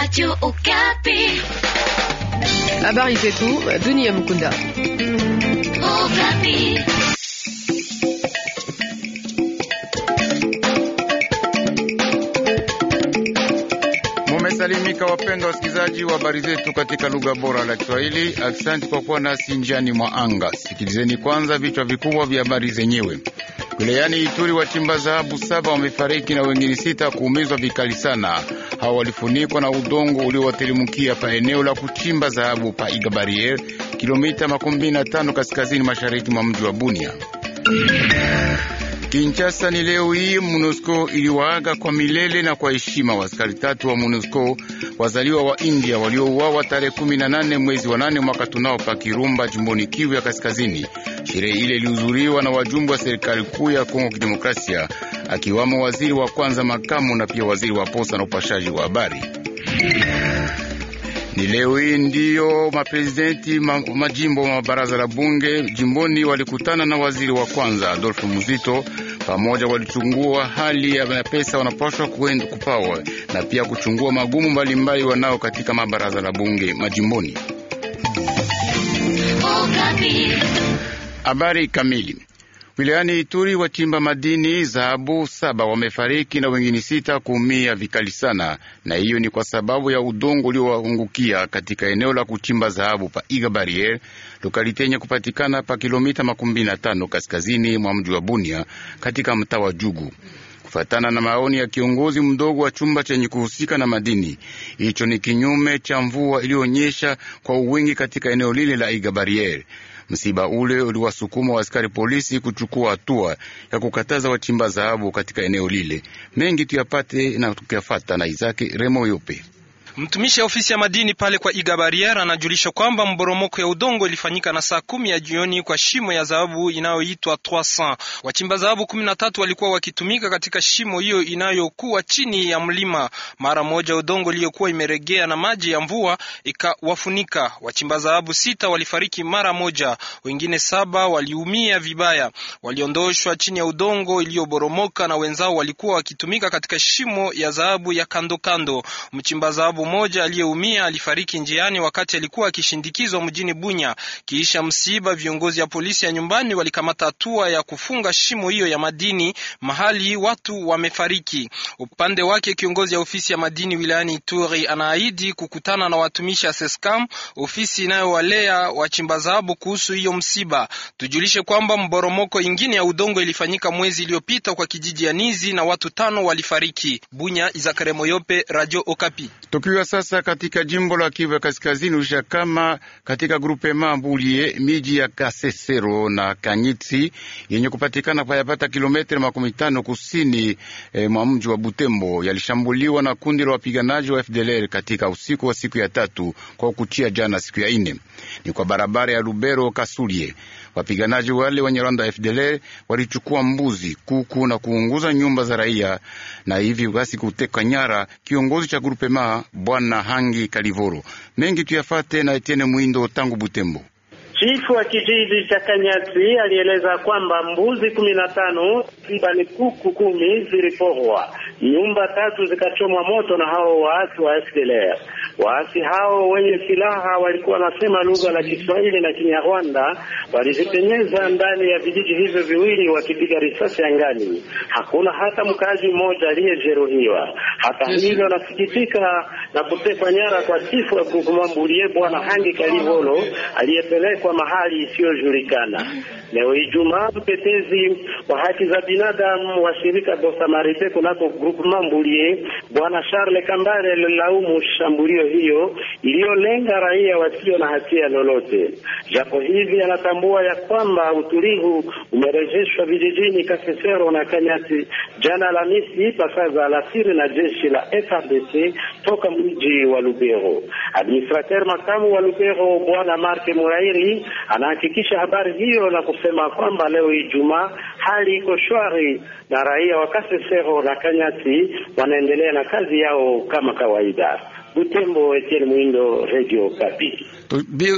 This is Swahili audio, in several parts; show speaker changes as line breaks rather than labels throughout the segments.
Radio Okapi. Habari zetu dunia Mukunda. Okapi.
Mumesalimika wapendwa wasikilizaji wa habari zetu katika lugha bora la Kiswahili. Asante kwa kuwa nasi njiani mwa anga. Sikilizeni kwanza vichwa vikubwa vya habari zenyewe. Wilayani Ituri wachimba dhahabu saba wamefariki na wengine sita kuumizwa vikali sana. Hao walifunikwa na udongo uliowatelemukia pa eneo la kuchimba dhahabu pa Igabariel, kilomita makumi na tano kaskazini mashariki mwa mji wa Bunia. Kinshasa ni leo hii MONUSCO iliwaaga kwa milele na kwa heshima waskari tatu wa MONUSCO wazaliwa wa India waliouawa tarehe 18 mwezi wa 8 mwaka tunao pa Kirumba, jimboni Kivu ya Kaskazini. Sherehe ile ilihudhuriwa na wajumbe wa serikali kuu ya Kongo Kidemokrasia, akiwamo waziri wa kwanza makamu na pia waziri wa posta na upashaji wa habari. Ni leo hii ndiyo maprezidenti ma, majimbo wa baraza la bunge jimboni walikutana na waziri wa kwanza Adolfu Muzito. Pamoja walichungua hali ya pesa wanapaswa kuenda kupawa na pia kuchungua magumu mbalimbali wanao katika mabaraza la bunge majimboni. Oh, Habari kamili. Wilayani Ituri, wachimba madini dhahabu saba wamefariki na wengine sita kuumia vikali sana, na hiyo ni kwa sababu ya udongo uliowaungukia katika eneo la kuchimba dhahabu pa Iga Barriere, lokalite yenye kupatikana pa kilomita makumi tano kaskazini mwa mji wa Bunia katika mtaa wa Jugu. Kufatana na maoni ya kiongozi mdogo wa chumba chenye kuhusika na madini, hicho ni kinyume cha mvua iliyonyesha kwa uwingi katika eneo lile la Iga Barriere. Msiba ule uliwasukuma askari polisi kuchukua hatua ya kukataza wachimba dhahabu katika eneo lile. Mengi tuyapate na tukiyafata na Isaki Remo Yope.
Mtumishi ya ofisi ya madini pale kwa Iga Barriere anajulisha kwamba mboromoko ya udongo ilifanyika na saa kumi ya jioni kwa shimo ya dhahabu inayoitwa 300. Wachimba dhahabu kumi na tatu walikuwa wakitumika katika shimo hiyo inayokuwa chini ya mlima. Mara moja udongo iliyokuwa imeregea na maji ya mvua ikawafunika. Wachimba dhahabu sita walifariki mara moja, wengine saba waliumia vibaya, waliondoshwa chini ya udongo iliyoboromoka na wenzao walikuwa wakitumika katika shimo ya dhahabu ya kandokando. Mchimba dhahabu mmoja aliyeumia alifariki njiani wakati alikuwa akishindikizwa mjini Bunya. Kiisha msiba, viongozi ya polisi ya nyumbani walikamata hatua ya kufunga shimo hiyo ya madini mahali watu wamefariki. Upande wake, kiongozi ya ofisi ya madini wilayani Ituri anaahidi kukutana na watumishi ya Sescam, ofisi inayowalea wachimba dhahabu kuhusu hiyo msiba. Tujulishe kwamba mboromoko ingine ya udongo ilifanyika mwezi iliyopita kwa kijiji ya Nizi na watu tano walifariki. Bunya, Izakare Moyope, Radio Okapi.
Tukiwa Tunachukuliwa sasa katika jimbo la Kivu ya Kaskazini, usha kama katika grupe mambulie miji ya Kasesero na Kanyitsi yenye kupatikana kwa yapata kilometri makumi tano kusini e, mwa mji wa Butembo yalishambuliwa na kundi la wapiganaji wa FDLR katika usiku wa siku ya tatu kwa kuchia jana siku ya ine, ni kwa barabara ya Lubero Kasulie. Wapiganaji wale wenye Rwanda wa FDLR walichukua mbuzi, kuku na kuunguza nyumba za raia na hivi basi kuteka nyara kiongozi cha grupe ma bwana Hangi Kalivoro. Mengi tuyafate na Etienne Mwindo tangu Butembo.
Chifu wa kijiji cha Kanyati alieleza kwamba mbuzi kumi na tano takribani kuku kumi ziliporwa, nyumba tatu zikachomwa moto na hao waasi wa SDLR. Waasi hao wenye silaha walikuwa wanasema lugha la Kiswahili na Kinyarwanda, walizipenyeza ndani ya vijiji hivyo viwili, wakipiga risasi angani. Hakuna hata mkazi mmoja aliyejeruhiwa. Hata hivyo, nasikitika na kutekwa nyara kwa Chifu Agugumambulie Bwana Hangi kalivolo aliyepelekwa mahali isiyojulikana. Leo Ijumaa, mtetezi wa haki za binadamu wa shirika Bosamarite kunako Gugumambulie Bwana Charles Kambale alilaumu shambulio hiyo iliyolenga raia wasio na hatia lolote. Japo hivi anatambua ya kwamba utulivu umerejeshwa vijijini Kasesero na Kanyati jana Alhamisi pasaa za alasiri na jeshi la FARDC toka mji wa Lubero. Administrateur makamu wa Lubero Bwana Marke Murairi anahakikisha habari hiyo na kusema kwamba leo Ijumaa hali iko shwari na raia wa Kasesero na Kanyati wanaendelea na kazi yao kama kawaida. Butembo es el mundo regio capítulo.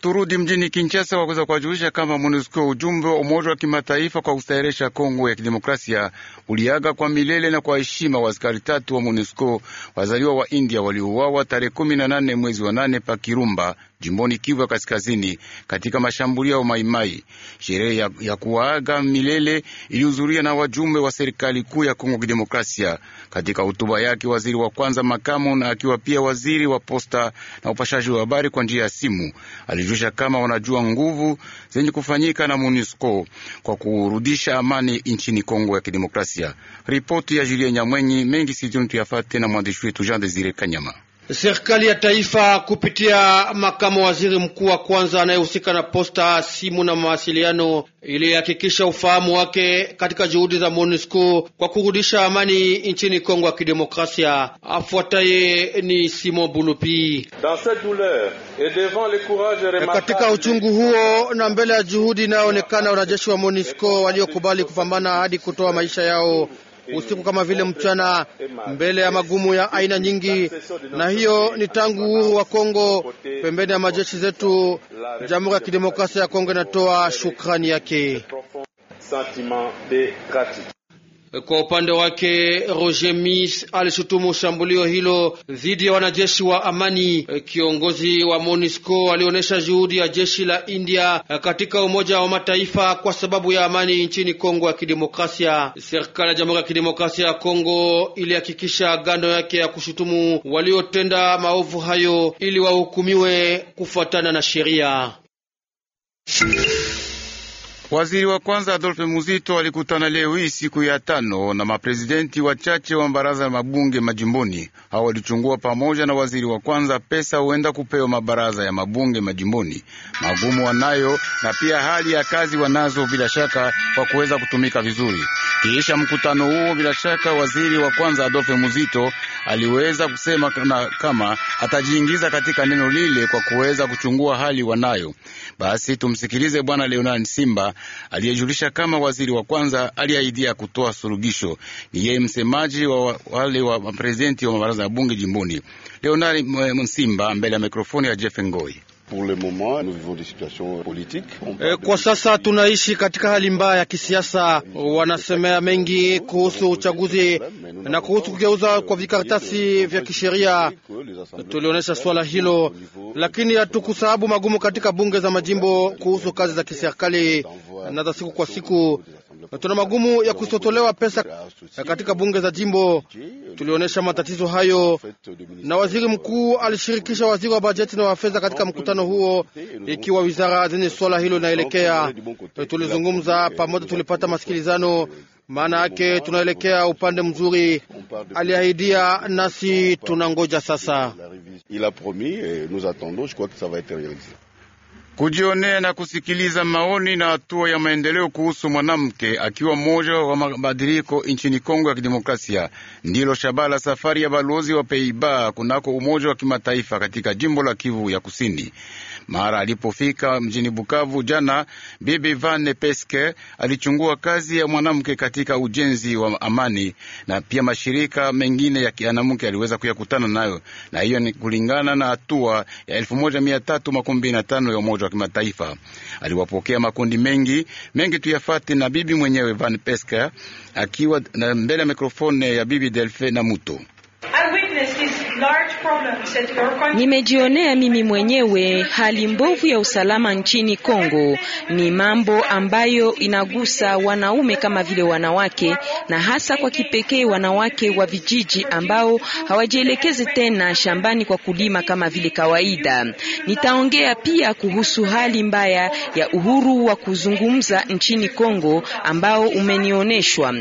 Turudi mjini Kinshasa kwa kuweza kuwajulisha kama MONUSCO ujumbe wa Umoja wa Kimataifa kwa kustahiresha Kongo ya Kidemokrasia uliaga kwa milele na kwa heshima askari tatu wa MONUSCO wazaliwa wa India waliouawa tarehe kumi na nane mwezi wa nane pa Kirumba jimboni Kivu Kaskazini katika mashambulio ya Maimai. Sherehe ya, ya kuwaaga milele ilihudhuria na wajumbe wa serikali kuu ya Kongo Kidemokrasia. Katika hotuba yake, waziri wa kwanza makamu na akiwa pia waziri wa posta na upashaji wa habari kwa njia ya simu Alijulisha kama wanajua nguvu zenye kufanyika na MONUSCO kwa kurudisha amani nchini Kongo ya Kidemokrasia. Ripoti ya Julien Nyamwenyi mengi sizioni tuyafate na mwandishi wetu Jean Desire Kanyama.
Serikali ya taifa kupitia makamu waziri mkuu wa kwanza anayehusika na posta, simu na mawasiliano ilihakikisha ufahamu wake katika juhudi za MONUSCO kwa kurudisha amani nchini Kongo ya Kidemokrasia. Afuataye ni Simon Bulupi. E, katika uchungu huo na mbele ya juhudi inayoonekana, wanajeshi wa MONUSCO waliokubali kupambana hadi kutoa maisha yao usiku kama vile mchana, mbele ya magumu ya aina nyingi, na hiyo ni tangu uhuru wa Kongo pembeni ya majeshi zetu. Jamhuri ya Kidemokrasia ya Kongo inatoa shukrani yake. Kwa upande wake, Roger Mis alishutumu shambulio hilo dhidi ya wanajeshi wa amani. Kiongozi wa MONUSCO alionyesha juhudi ya jeshi la India katika Umoja wa Mataifa kwa sababu ya amani nchini Kongo ya Kidemokrasia. Serikali ya Jamhuri ya Kidemokrasia ya Kongo ilihakikisha gando yake ya kushutumu waliotenda maovu hayo ili wahukumiwe kufuatana na sheria.
Waziri wa kwanza Adolphe Muzito alikutana leo hii siku ya tano na maprezidenti wachache wa mabaraza ya mabunge majimboni. Hao walichungua pamoja na waziri wa kwanza pesa huenda kupewa mabaraza ya mabunge majimboni, magumu wanayo na pia hali ya kazi wanazo, bila shaka kwa kuweza kutumika vizuri. Kisha mkutano huo, bila shaka waziri wa kwanza Adolphe Muzito aliweza kusema kana kama atajiingiza katika neno lile kwa kuweza kuchungua hali wanayo. Basi tumsikilize Bwana Leonard Simba aliyejulisha kama waziri wa kwanza aliahidia kutoa surugisho Ni yeye msemaji wa wale wa maprezidenti wa mabaraza ya bunge jimboni, Leonari Msimba, mbele ya mikrofoni ya Jeff Ngoi.
Eh, kwa sasa tunaishi katika hali mbaya ya kisiasa. Wanasemea mengi kuhusu uchaguzi na kuhusu kugeuza kwa vikaratasi vya kisheria. Tulionyesha swala hilo, lakini hatukusahabu magumu katika bunge za majimbo kuhusu kazi za kiserikali na za siku kwa siku tuna magumu ya kusotolewa pesa katika bunge za jimbo. Tulionyesha matatizo hayo, na waziri mkuu alishirikisha waziri wa bajeti na wa fedha katika mkutano huo, ikiwa wizara zenye swala hilo inaelekea. Tulizungumza pamoja, tulipata masikilizano maana yake tunaelekea upande mzuri, aliahidia nasi tunangoja sasa
kujionea na kusikiliza maoni na hatua ya maendeleo kuhusu mwanamke akiwa mmoja wa mabadiliko nchini Kongo ya Kidemokrasia. Ndilo shabaha la safari ya balozi wa Peiba kunako Umoja wa Kimataifa katika jimbo la Kivu ya Kusini. Mara alipofika mjini Bukavu jana, Bibi Vane Peske alichungua kazi ya mwanamke katika ujenzi wa amani, na pia mashirika mengine ya kianamke aliweza kuyakutana nayo, na hiyo ni kulingana na hatua ya 1325 ya Umoja wa Kimataifa. Aliwapokea makundi mengi mengi, tuyafate na bibi mwenyewe Van Peske akiwa mbele ya mikrofone ya bibi Delfe na Muto.
Nimejionea mimi mwenyewe hali mbovu ya usalama nchini Kongo. Ni mambo ambayo inagusa wanaume kama vile wanawake, na hasa kwa kipekee wanawake wa vijiji ambao hawajielekezi tena shambani kwa kulima kama vile kawaida. Nitaongea pia kuhusu hali mbaya ya uhuru wa kuzungumza nchini Kongo ambao umenioneshwa,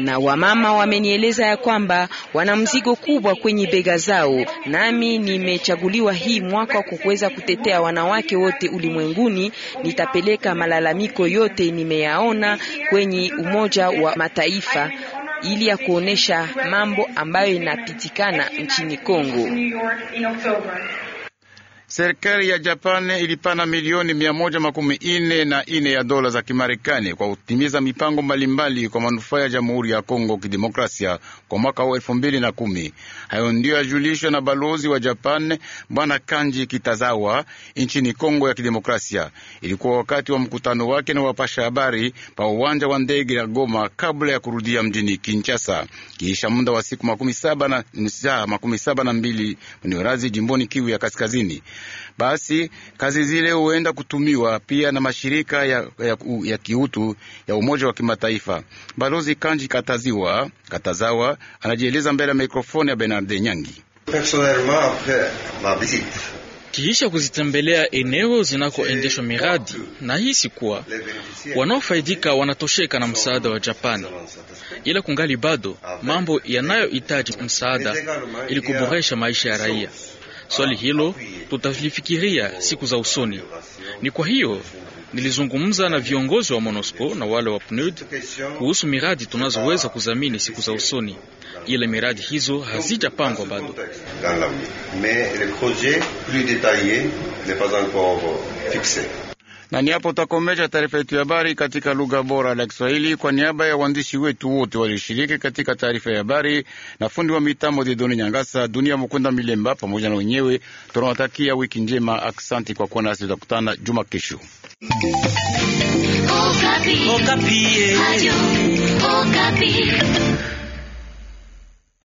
na wamama wamenieleza ya kwamba wana mzigo kubwa kwenye bega zao nami nimechaguliwa hii mwaka kwa kuweza kutetea wanawake wote ulimwenguni. Nitapeleka malalamiko yote nimeyaona kwenye Umoja wa Mataifa ili ya kuonesha mambo ambayo inapitikana nchini Kongo.
Serikali ya Japan ilipana milioni mia moja makumi ine na ine ya dola za Kimarekani kwa kutimiza mipango mbalimbali kwa manufaa ya Jamhuri ya Kongo Kidemokrasia kwa mwaka wa elfu mbili na kumi. Hayo ndiyo yajulishwa na balozi wa Japan Bwana Kanji Kitazawa nchini Kongo ya Kidemokrasia. Ilikuwa wakati wa mkutano wake na wapasha habari pa uwanja wa ndege ya Goma kabla ya kurudia mjini Kinshasa kiisha muda wa siku makumi saba na mbili mniorazi jimboni Kivu ya Kaskazini. Basi kazi zile huenda kutumiwa pia na mashirika ya, ya, ya kiutu ya Umoja wa Kimataifa. Balozi Kanji Kataziwa Katazawa anajieleza mbele ya mikrofoni ya Bernarde Nyangi.
Kiisha kuzitembelea eneo zinakoendeshwa miradi na hisi kuwa wanaofaidika wanatosheka na msaada wa Japani, ila kungali bado mambo yanayohitaji msaada ili kuboresha maisha ya raia. Swali hilo tutalifikiria siku za usoni. Ni kwa hiyo nilizungumza na viongozi wa MONUSCO na wale wa PNUD kuhusu miradi tunazoweza kudhamini siku za usoni, ila miradi hizo hazijapangwa bado.
Mais le projet plus détaillé n'est pas encore fixé.
Na ni hapo utakomesha taarifa yetu ya habari katika lugha bora la Kiswahili. Kwa niaba ya waandishi wetu wote walioshiriki katika taarifa ya habari na fundi wa mitambo Dedoni Nyangasa, Dunia Mukunda Milemba pamoja na wenyewe, tunawatakia wiki njema. Aksanti kwa kuwa nasi, tutakutana juma kesho.
Okapi. Okapi. Eh.